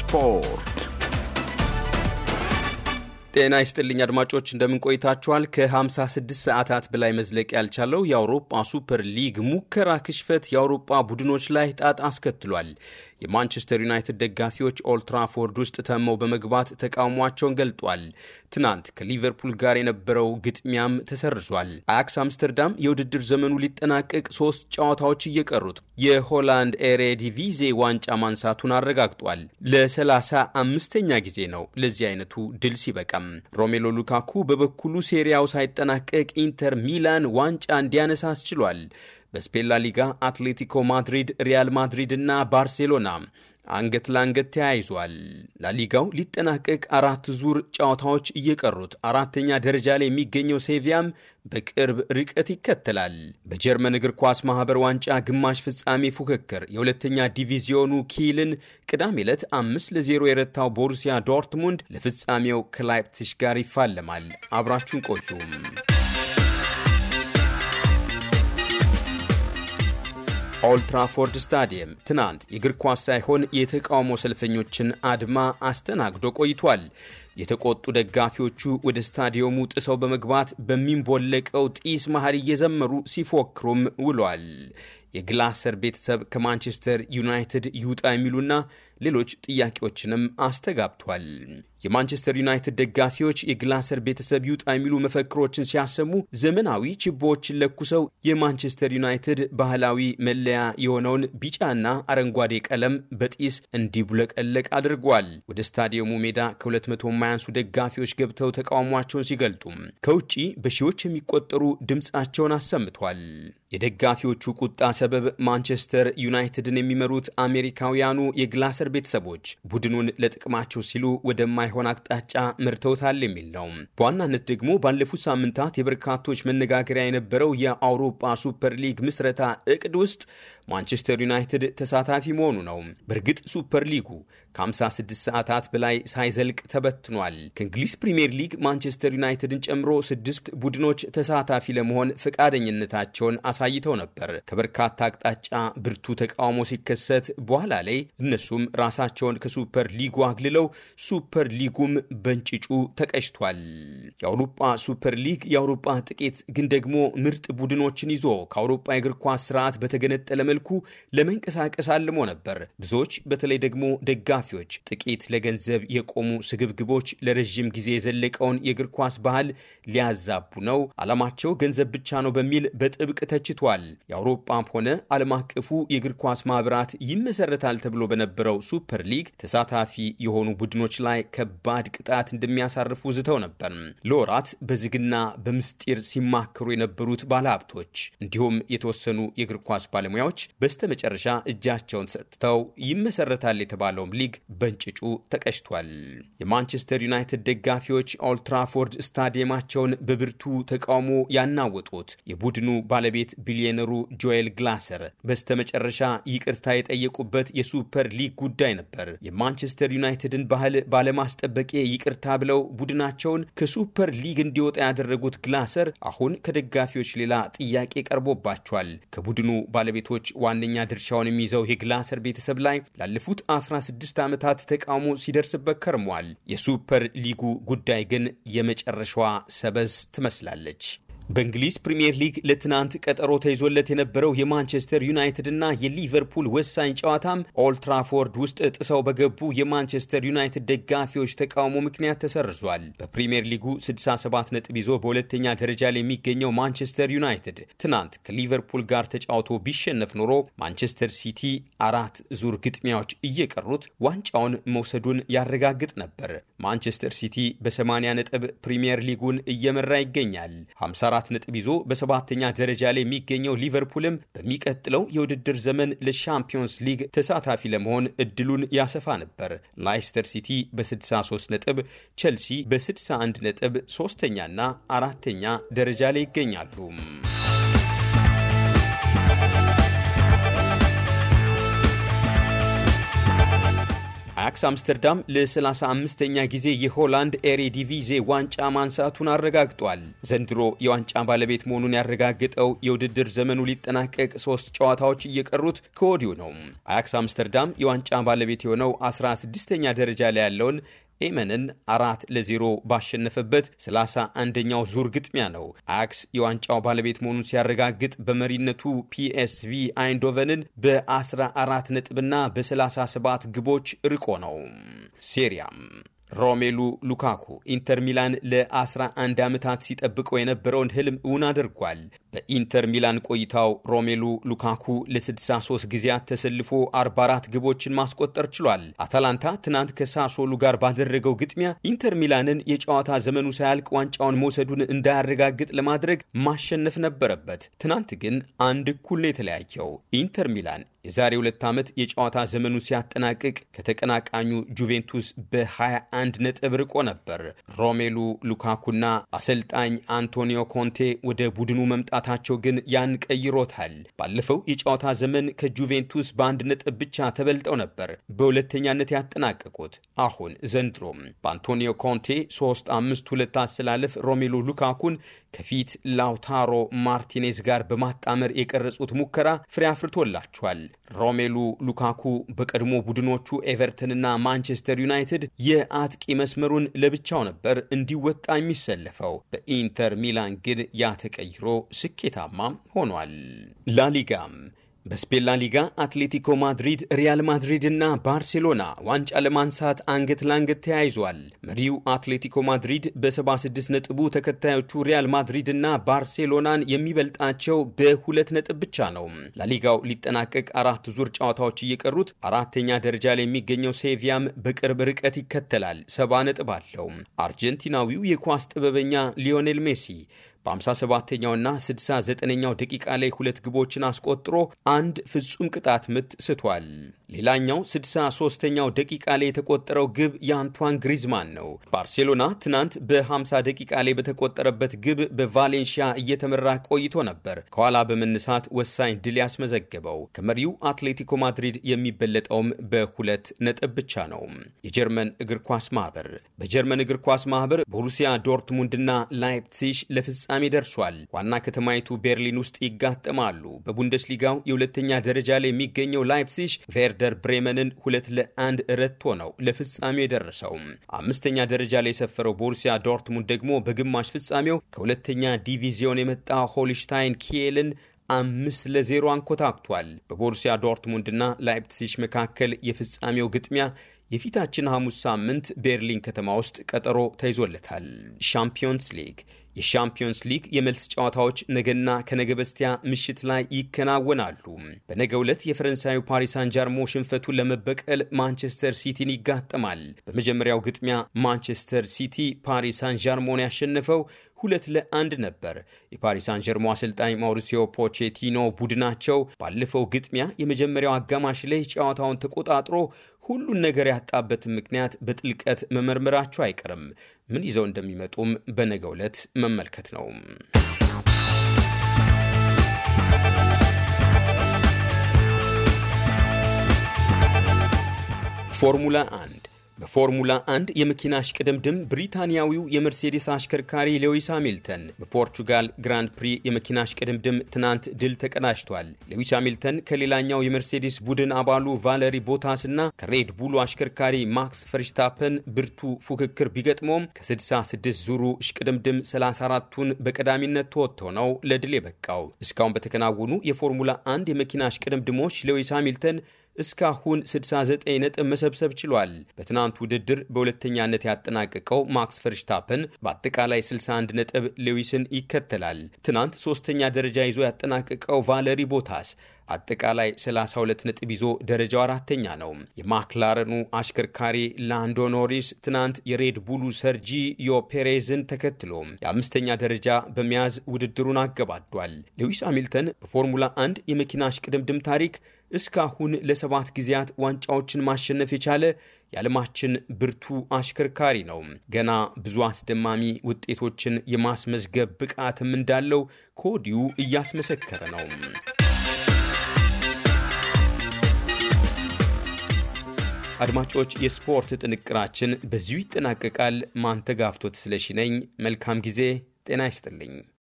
Sport. ጤና ይስጥልኝ አድማጮች እንደምን ቆይታችኋል? ከ56 ሰዓታት በላይ መዝለቅ ያልቻለው የአውሮፓ ሱፐር ሊግ ሙከራ ክሽፈት የአውሮፓ ቡድኖች ላይ ጣጣ አስከትሏል። የማንቸስተር ዩናይትድ ደጋፊዎች ኦልትራፎርድ ውስጥ ተመው በመግባት ተቃውሟቸውን ገልጧል። ትናንት ከሊቨርፑል ጋር የነበረው ግጥሚያም ተሰርዟል። አያክስ አምስተርዳም የውድድር ዘመኑ ሊጠናቀቅ ሶስት ጨዋታዎች እየቀሩት የሆላንድ ኤሬዲቪዜ ዋንጫ ማንሳቱን አረጋግጧል። ለሰላሳ አምስተኛ ጊዜ ነው ለዚህ አይነቱ ድል ሲበቃ አልተጠበቀም። ሮሜሎ ሉካኩ በበኩሉ ሴሪያው ሳይጠናቀቅ ኢንተር ሚላን ዋንጫ እንዲያነሳ አስችሏል። በስፔን ላ ሊጋ አትሌቲኮ ማድሪድ፣ ሪያል ማድሪድ እና ባርሴሎና አንገት ለአንገት ተያይዟል። ላሊጋው ሊጠናቀቅ አራት ዙር ጨዋታዎች እየቀሩት አራተኛ ደረጃ ላይ የሚገኘው ሴቪያም በቅርብ ርቀት ይከተላል። በጀርመን እግር ኳስ ማህበር ዋንጫ ግማሽ ፍጻሜ ፉክክር የሁለተኛ ዲቪዚዮኑ ኪልን ቅዳሜ ዕለት አምስት ለዜሮ የረታው ቦሩሲያ ዶርትሙንድ ለፍጻሜው ከላይፕሲሽ ጋር ይፋለማል። አብራችሁን ቆዩም ኦልትራፎርድ ስታዲየም ትናንት የእግር ኳስ ሳይሆን የተቃውሞ ሰልፈኞችን አድማ አስተናግዶ ቆይቷል። የተቆጡ ደጋፊዎቹ ወደ ስታዲየሙ ጥሰው በመግባት በሚንቦለቀው ጢስ መሃል እየዘመሩ ሲፎክሩም ውሏል። የግላሰር ቤተሰብ ከማንቸስተር ዩናይትድ ይውጣ የሚሉና ሌሎች ጥያቄዎችንም አስተጋብቷል። የማንቸስተር ዩናይትድ ደጋፊዎች የግላሰር ቤተሰብ ይውጣ የሚሉ መፈክሮችን ሲያሰሙ ዘመናዊ ችቦዎችን ለኩሰው የማንቸስተር ዩናይትድ ባህላዊ መለያ የሆነውን ቢጫና አረንጓዴ ቀለም በጢስ እንዲቡለቀለቅ አድርጓል። ወደ ስታዲየሙ ሜዳ ከ200 የማያንሱ ደጋፊዎች ገብተው ተቃውሟቸውን ሲገልጡ ከውጭ በሺዎች የሚቆጠሩ ድምፃቸውን አሰምቷል። የደጋፊዎቹ ቁጣ ሰበብ ማንቸስተር ዩናይትድን የሚመሩት አሜሪካውያኑ የግላሰር ቤተሰቦች ቡድኑን ለጥቅማቸው ሲሉ ወደማይሆን አቅጣጫ መርተውታል የሚል ነው። በዋናነት ደግሞ ባለፉት ሳምንታት የበርካቶች መነጋገሪያ የነበረው የአውሮፓ ሱፐር ሊግ ምስረታ እቅድ ውስጥ ማንቸስተር ዩናይትድ ተሳታፊ መሆኑ ነው። በእርግጥ ሱፐር ሊጉ ከ56 ሰዓታት በላይ ሳይዘልቅ ተበት ተበታትኗል። ከእንግሊዝ ፕሪምየር ሊግ ማንቸስተር ዩናይትድን ጨምሮ ስድስት ቡድኖች ተሳታፊ ለመሆን ፈቃደኝነታቸውን አሳይተው ነበር። ከበርካታ አቅጣጫ ብርቱ ተቃውሞ ሲከሰት በኋላ ላይ እነሱም ራሳቸውን ከሱፐር ሊጉ አግልለው ሱፐር ሊጉም በእንጭጩ ተቀጭቷል። የአውሮፓ ሱፐር ሊግ የአውሮፓ ጥቂት ግን ደግሞ ምርጥ ቡድኖችን ይዞ ከአውሮፓ የእግር ኳስ ስርዓት በተገነጠለ መልኩ ለመንቀሳቀስ አልሞ ነበር። ብዙዎች በተለይ ደግሞ ደጋፊዎች ጥቂት ለገንዘብ የቆሙ ስግብግቦች ክለቦች ለረዥም ጊዜ የዘለቀውን የእግር ኳስ ባህል ሊያዛቡ ነው፣ ዓላማቸው ገንዘብ ብቻ ነው በሚል በጥብቅ ተችቷል። የአውሮፓም ሆነ ዓለም አቀፉ የእግር ኳስ ማህበራት ይመሰረታል ተብሎ በነበረው ሱፐር ሊግ ተሳታፊ የሆኑ ቡድኖች ላይ ከባድ ቅጣት እንደሚያሳርፉ ዝተው ነበር። ለወራት በዝግና በምስጢር ሲማከሩ የነበሩት ባለሀብቶች እንዲሁም የተወሰኑ የእግር ኳስ ባለሙያዎች በስተመጨረሻ እጃቸውን ሰጥተው ይመሰረታል የተባለውም ሊግ በእንጭጩ ተቀጭቷል። የማንቸስተር የማንቸስተር ዩናይትድ ደጋፊዎች ኦልትራፎርድ ስታዲየማቸውን በብርቱ ተቃውሞ ያናወጡት የቡድኑ ባለቤት ቢሊዮነሩ ጆኤል ግላሰር በስተመጨረሻ ይቅርታ የጠየቁበት የሱፐር ሊግ ጉዳይ ነበር። የማንቸስተር ዩናይትድን ባህል ባለማስጠበቄ ይቅርታ ብለው ቡድናቸውን ከሱፐር ሊግ እንዲወጣ ያደረጉት ግላሰር አሁን ከደጋፊዎች ሌላ ጥያቄ ቀርቦባቸዋል። ከቡድኑ ባለቤቶች ዋነኛ ድርሻውን የሚይዘው የግላሰር ቤተሰብ ላይ ላለፉት 16 ዓመታት ተቃውሞ ሲደርስበት ከርሟል። የሱፐር ሊጉ ጉዳይ ግን የመጨረሻዋ ሰበዝ ትመስላለች። በእንግሊዝ ፕሪምየር ሊግ ለትናንት ቀጠሮ ተይዞለት የነበረው የማንቸስተር ዩናይትድ እና የሊቨርፑል ወሳኝ ጨዋታም ኦልትራፎርድ ውስጥ ጥሰው በገቡ የማንቸስተር ዩናይትድ ደጋፊዎች ተቃውሞ ምክንያት ተሰርዟል። በፕሪምየር ሊጉ 67 ነጥብ ይዞ በሁለተኛ ደረጃ ላይ የሚገኘው ማንቸስተር ዩናይትድ ትናንት ከሊቨርፑል ጋር ተጫውቶ ቢሸነፍ ኖሮ ማንቸስተር ሲቲ አራት ዙር ግጥሚያዎች እየቀሩት ዋንጫውን መውሰዱን ያረጋግጥ ነበር። ማንቸስተር ሲቲ በ80 ነጥብ ፕሪምየር ሊጉን እየመራ ይገኛል። አራት ነጥብ ይዞ በሰባተኛ ደረጃ ላይ የሚገኘው ሊቨርፑልም በሚቀጥለው የውድድር ዘመን ለሻምፒዮንስ ሊግ ተሳታፊ ለመሆን እድሉን ያሰፋ ነበር። ላይስተር ሲቲ በ63 ነጥብ፣ ቸልሲ በ61 ነጥብ ሶስተኛና አራተኛ ደረጃ ላይ ይገኛሉ። አያክስ አምስተርዳም ለ35ኛ ጊዜ የሆላንድ ኤሬዲቪዜ ዋንጫ ማንሳቱን አረጋግጧል። ዘንድሮ የዋንጫ ባለቤት መሆኑን ያረጋግጠው የውድድር ዘመኑ ሊጠናቀቅ ሶስት ጨዋታዎች እየቀሩት ከወዲሁ ነው። አያክስ አምስተርዳም የዋንጫ ባለቤት የሆነው 16ኛ ደረጃ ላይ ያለውን ኤመንን አራት ለዜሮ ባሸነፈበት ሰላሳ አንደኛው ዙር ግጥሚያ ነው። አክስ የዋንጫው ባለቤት መሆኑን ሲያረጋግጥ በመሪነቱ ፒኤስቪ አይንዶቨንን በ14 ነጥብና በ37 ግቦች ርቆ ነው። ሴሪያም ሮሜሉ ሉካኩ ኢንተር ሚላን ለ11 ዓመታት ሲጠብቀው የነበረውን ህልም እውን አድርጓል። በኢንተር ሚላን ቆይታው ሮሜሉ ሉካኩ ለ63 ጊዜያት ተሰልፎ 44 ግቦችን ማስቆጠር ችሏል። አታላንታ ትናንት ከሳሶሉ ጋር ባደረገው ግጥሚያ ኢንተር ሚላንን የጨዋታ ዘመኑ ሳያልቅ ዋንጫውን መውሰዱን እንዳያረጋግጥ ለማድረግ ማሸነፍ ነበረበት። ትናንት ግን አንድ እኩል ነው የተለያየው። ኢንተር ሚላን የዛሬ ሁለት ዓመት የጨዋታ ዘመኑ ሲያጠናቅቅ ከተቀናቃኙ ጁቬንቱስ በ21 ነጥብ ርቆ ነበር። ሮሜሉ ሉካኩና አሰልጣኝ አንቶኒዮ ኮንቴ ወደ ቡድኑ መምጣት ማምጣታቸው ግን ያን ቀይሮታል። ባለፈው የጨዋታ ዘመን ከጁቬንቱስ በአንድ ነጥብ ብቻ ተበልጠው ነበር በሁለተኛነት ያጠናቀቁት። አሁን ዘንድሮም በአንቶኒዮ ኮንቴ 3 5 2 አሰላለፍ ሮሜሎ ሉካኩን ከፊት ላውታሮ ማርቲኔዝ ጋር በማጣመር የቀረጹት ሙከራ ፍሬ አፍርቶላቸዋል። ሮሜሉ ሉካኩ በቀድሞ ቡድኖቹ ኤቨርተንና ማንቸስተር ዩናይትድ የአጥቂ መስመሩን ለብቻው ነበር እንዲወጣ የሚሰለፈው። በኢንተር ሚላን ግን ያ ተቀይሮ ስኬታማ ሆኗል። ላሊጋም በስፔን ላ ሊጋ አትሌቲኮ ማድሪድ፣ ሪያል ማድሪድ እና ባርሴሎና ዋንጫ ለማንሳት አንገት ለአንገት ተያይዟል። መሪው አትሌቲኮ ማድሪድ በ76 ነጥቡ ተከታዮቹ ሪያል ማድሪድ እና ባርሴሎናን የሚበልጣቸው በሁለት ነጥብ ብቻ ነው። ላሊጋው ሊጠናቀቅ አራት ዙር ጨዋታዎች እየቀሩት አራተኛ ደረጃ ላይ የሚገኘው ሴቪያም በቅርብ ርቀት ይከተላል፣ ሰባ ነጥብ አለው። አርጀንቲናዊው የኳስ ጥበበኛ ሊዮኔል ሜሲ በ57ኛውና 69ኛው ደቂቃ ላይ ሁለት ግቦችን አስቆጥሮ አንድ ፍጹም ቅጣት ምት ስቷል። ሌላኛው 63ኛው ደቂቃ ላይ የተቆጠረው ግብ የአንቷን ግሪዝማን ነው። ባርሴሎና ትናንት በ50 ደቂቃ ላይ በተቆጠረበት ግብ በቫሌንሺያ እየተመራ ቆይቶ ነበር ከኋላ በመነሳት ወሳኝ ድል ያስመዘገበው። ከመሪው አትሌቲኮ ማድሪድ የሚበለጠውም በሁለት ነጥብ ብቻ ነው። የጀርመን እግር ኳስ ማህበር በጀርመን እግር ኳስ ማህበር ቦሩሲያ ዶርትሙንድና ላይፕሲሽ ለፍጻሜ ፍጻሜ ደርሷል። ዋና ከተማይቱ ቤርሊን ውስጥ ይጋጠማሉ። በቡንደስሊጋው የሁለተኛ ደረጃ ላይ የሚገኘው ላይፕሲሽ ቬርደር ብሬመንን ሁለት ለአንድ ረትቶ ነው ለፍጻሜው የደረሰው። አምስተኛ ደረጃ ላይ የሰፈረው ቦሩሲያ ዶርትሙንድ ደግሞ በግማሽ ፍጻሜው ከሁለተኛ ዲቪዚዮን የመጣ ሆልሽታይን ኪየልን አምስት ለዜሮ አንኮታክቷል። በቦሩሲያ ዶርትሙንድና ላይፕሲሽ መካከል የፍጻሜው ግጥሚያ የፊታችን ሐሙስ ሳምንት ቤርሊን ከተማ ውስጥ ቀጠሮ ተይዞለታል። ሻምፒዮንስ ሊግ የሻምፒዮንስ ሊግ የመልስ ጨዋታዎች ነገና ከነገ በስቲያ ምሽት ላይ ይከናወናሉ። በነገ ዕለት የፈረንሳዩ ፓሪስ አንጃርሞ ሽንፈቱን ለመበቀል ማንቸስተር ሲቲን ይጋጠማል። በመጀመሪያው ግጥሚያ ማንቸስተር ሲቲ ፓሪስ አንጃርሞን ያሸነፈው ሁለት ለአንድ ነበር። የፓሪስ አንጀርሞ አሰልጣኝ ማውሪሲዮ ፖቼቲኖ ቡድናቸው ባለፈው ግጥሚያ የመጀመሪያው አጋማሽ ላይ ጨዋታውን ተቆጣጥሮ ሁሉን ነገር ያጣበትን ምክንያት በጥልቀት መመርመራቸው አይቀርም። ምን ይዘው እንደሚመጡም በነገ ዕለት መመልከት ነው። ፎርሙላ 1 በፎርሙላ 1 የመኪና እሽቅድምድም ብሪታንያዊው የመርሴዴስ አሽከርካሪ ሌዊስ ሃሚልተን በፖርቹጋል ግራንድ ፕሪ የመኪና እሽቅድምድም ትናንት ድል ተቀዳጅቷል። ሌዊስ ሃሚልተን ከሌላኛው የመርሴዴስ ቡድን አባሉ ቫለሪ ቦታስ እና ከሬድ ቡሉ አሽከርካሪ ማክስ ፈርሽታፐን ብርቱ ፉክክር ቢገጥሞም ከ66 ዙሩ እሽቅድምድም 34ቱን በቀዳሚነት ተወጥቶ ነው ለድል የበቃው። እስካሁን በተከናወኑ የፎርሙላ 1 የመኪና እሽቅድምድሞች ሌዊስ ሃሚልተን እስካሁን 69 ነጥብ መሰብሰብ ችሏል። በትናንት ውድድር በሁለተኛነት ያጠናቀቀው ማክስ ፈርሽታፐን በአጠቃላይ 61 ነጥብ ሌዊስን ይከተላል። ትናንት ሶስተኛ ደረጃ ይዞ ያጠናቀቀው ቫለሪ ቦታስ አጠቃላይ 32 ነጥብ ይዞ ደረጃው አራተኛ ነው። የማክላረኑ አሽከርካሪ ላንዶ ኖሪስ ትናንት የሬድ ቡሉ ሰርጂዮ ፔሬዝን ተከትሎ የአምስተኛ ደረጃ በመያዝ ውድድሩን አገባዷል። ሉዊስ ሃሚልተን በፎርሙላ 1 የመኪና አሽቅድምድም ታሪክ እስካሁን ለሰባት ጊዜያት ዋንጫዎችን ማሸነፍ የቻለ የዓለማችን ብርቱ አሽከርካሪ ነው። ገና ብዙ አስደማሚ ውጤቶችን የማስመዝገብ ብቃትም እንዳለው ከወዲሁ እያስመሰከረ ነው። አድማጮች፣ የስፖርት ጥንቅራችን በዚሁ ይጠናቀቃል። ማንተጋፍቶት ስለሺ ነኝ። መልካም ጊዜ። ጤና ይስጥልኝ።